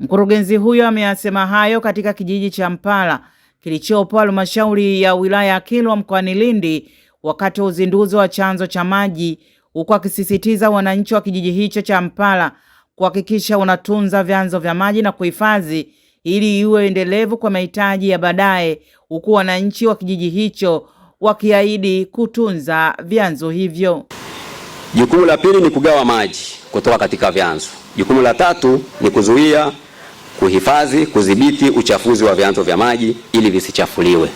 Mkurugenzi huyo ameyasema hayo katika kijiji cha Mpala kilichopo halmashauri ya wilaya ya Kilwa mkoani Lindi wakati wa uzinduzi wa chanzo cha maji, huku akisisitiza wananchi wa kijiji hicho cha Mpala kuhakikisha wanatunza vyanzo vya maji na kuhifadhi ili iwe endelevu kwa mahitaji ya baadaye, huku wananchi wa kijiji hicho wakiahidi kutunza vyanzo hivyo. Jukumu la pili ni kugawa maji kutoka katika vyanzo. Jukumu la tatu ni kuzuia kuhifadhi, kudhibiti uchafuzi wa vyanzo vya maji ili visichafuliwe.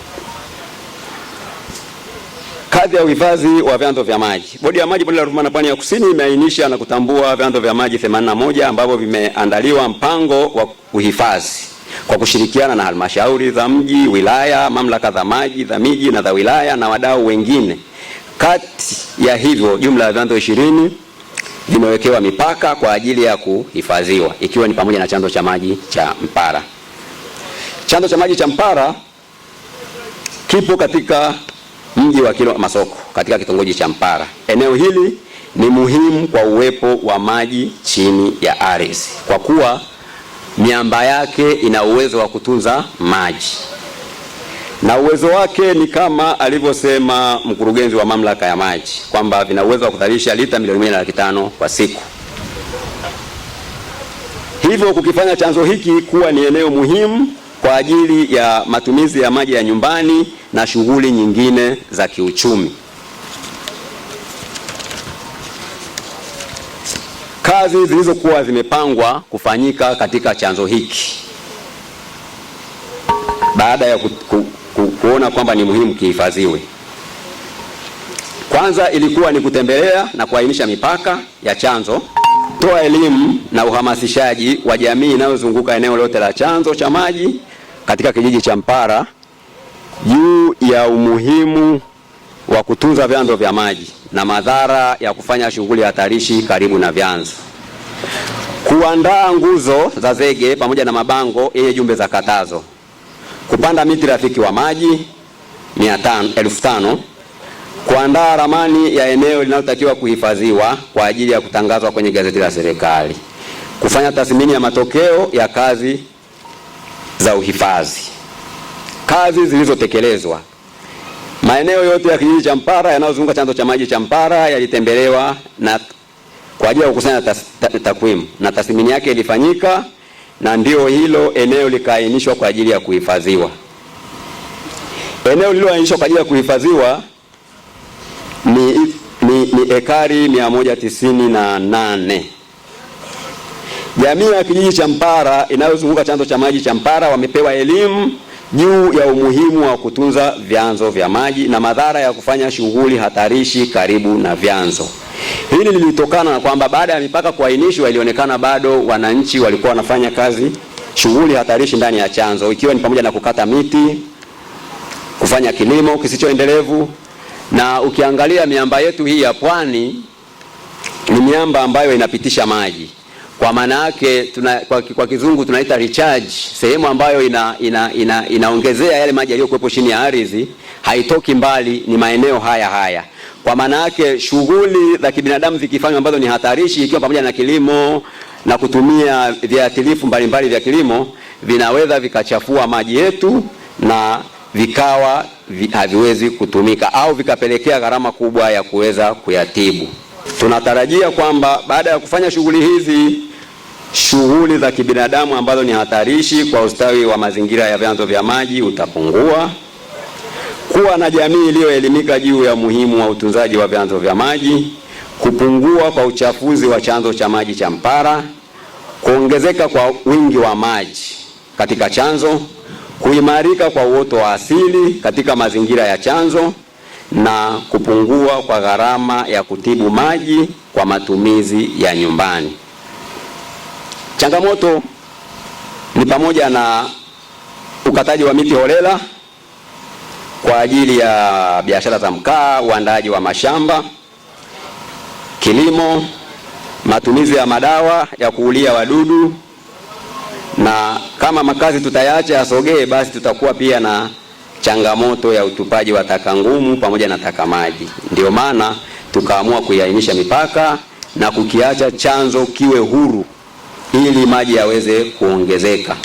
kazi ya uhifadhi wa vyanzo vya maji. Bodi ya maji Bonde la na Pwani ya Kusini imeainisha na kutambua vyanzo vya maji 81 ambavyo vimeandaliwa mpango wa kuhifadhi kwa kushirikiana na halmashauri za mji, wilaya, mamlaka za maji za miji na za wilaya na wadau wengine. Kati ya hivyo jumla ya vyanzo ishirini vimewekewa mipaka kwa ajili ya kuhifadhiwa ikiwa ni pamoja na chanzo cha maji cha Mpara. Chanzo cha maji cha Mpara kipo katika mji wa Kilwa Masoko katika kitongoji cha Mpara. Eneo hili ni muhimu kwa uwepo wa maji chini ya ardhi kwa kuwa miamba yake ina uwezo wa kutunza maji na uwezo wake ni kama alivyosema mkurugenzi wa mamlaka ya maji kwamba vina uwezo wa kuzalisha lita milioni moja na laki tano kwa siku, hivyo kukifanya chanzo hiki kuwa ni eneo muhimu kwa ajili ya matumizi ya maji ya nyumbani na shughuli nyingine za kiuchumi. Kazi zilizokuwa zimepangwa kufanyika katika chanzo hiki baada ya kutu, ku, kuona kwamba ni muhimu kihifadhiwe. Kwanza ilikuwa ni kutembelea na kuainisha mipaka ya chanzo, toa elimu na uhamasishaji wa jamii inayozunguka eneo lote la chanzo cha maji katika kijiji cha Mpara juu ya umuhimu wa kutunza vyanzo vya maji na madhara ya kufanya shughuli hatarishi karibu na vyanzo, kuandaa nguzo za zege pamoja na mabango yenye jumbe za katazo kupanda miti rafiki wa maji elfu tano kuandaa ramani ya eneo linalotakiwa kuhifadhiwa kwa ajili ya kutangazwa kwenye gazeti la serikali, kufanya tathmini ya matokeo ya kazi za uhifadhi, kazi zilizotekelezwa. Maeneo yote ya kijiji cha Mpara yanayozunguka chanzo cha maji cha Mpara yalitembelewa na kwa ajili ya kukusanya takwimu na tathmini yake ilifanyika na ndio hilo eneo likaainishwa kwa ajili ya kuhifadhiwa. Eneo lililoainishwa kwa ajili ya kuhifadhiwa ni, ni, ni ekari 198. Jamii ya kijiji cha Mpara inayozunguka chanzo cha maji cha Mpara wamepewa elimu juu ya umuhimu wa kutunza vyanzo vya maji na madhara ya kufanya shughuli hatarishi karibu na vyanzo. Hili lilitokana na kwamba baada ya mipaka kuainishwa, ilionekana bado wananchi walikuwa wanafanya kazi shughuli hatarishi ndani ya chanzo, ikiwa ni pamoja na kukata miti, kufanya kilimo kisichoendelevu. Na ukiangalia miamba yetu hii ya pwani ni miamba ambayo inapitisha maji kwa maana yake tuna, kwa, kwa kizungu tunaita recharge, sehemu ambayo ina, ina, ina, inaongezea yale maji yaliyokuwepo chini ya ardhi, haitoki mbali, ni maeneo haya haya. Kwa maana yake shughuli za kibinadamu zikifanywa ambazo ni hatarishi, ikiwa pamoja na kilimo na kutumia viatilifu mbalimbali vya kilimo, vinaweza vikachafua maji yetu na vikawa haviwezi kutumika au vikapelekea gharama kubwa ya kuweza kuyatibu. Tunatarajia kwamba baada ya kufanya shughuli hizi, shughuli za kibinadamu ambazo ni hatarishi kwa ustawi wa mazingira ya vyanzo vya maji utapungua kuwa na jamii iliyoelimika juu ya umuhimu wa utunzaji wa vyanzo vya maji, kupungua kwa uchafuzi wa chanzo cha maji cha Mpara, kuongezeka kwa wingi wa maji katika chanzo, kuimarika kwa uoto wa asili katika mazingira ya chanzo na kupungua kwa gharama ya kutibu maji kwa matumizi ya nyumbani. Changamoto ni pamoja na ukataji wa miti holela kwa ajili ya biashara za mkaa, uandaaji wa mashamba, kilimo, matumizi ya madawa ya kuulia wadudu, na kama makazi tutayaacha yasogee, basi tutakuwa pia na changamoto ya utupaji wa taka ngumu pamoja na taka maji. Ndio maana tukaamua kuiainisha mipaka na kukiacha chanzo kiwe huru ili maji yaweze kuongezeka.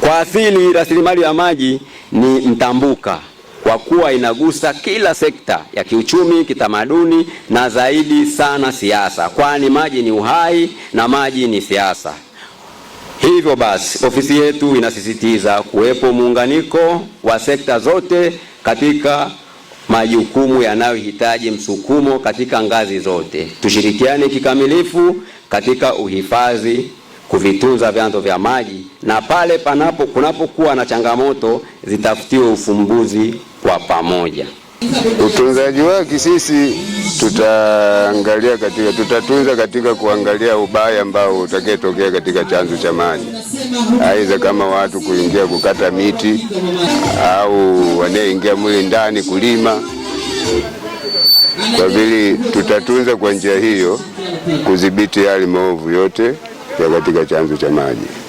Kwa asili rasilimali ya maji ni mtambuka kwa kuwa inagusa kila sekta ya kiuchumi, kitamaduni na zaidi sana siasa, kwani maji ni uhai na maji ni siasa. Hivyo basi, ofisi yetu inasisitiza kuwepo muunganiko wa sekta zote katika majukumu yanayohitaji msukumo katika ngazi zote. Tushirikiane kikamilifu katika uhifadhi kuvitunza vyanzo vya maji na pale panapo kunapokuwa na changamoto zitafutiwe ufumbuzi kwa pamoja. Utunzaji wake sisi tutaangalia katika, tutatunza katika kuangalia ubaya ambao utakayetokea katika chanzo cha maji, aidha kama watu kuingia kukata miti au wanaoingia mle ndani kulima. Kwa vile tutatunza kwa njia hiyo kudhibiti hali maovu yote ya katika chanzo cha maji.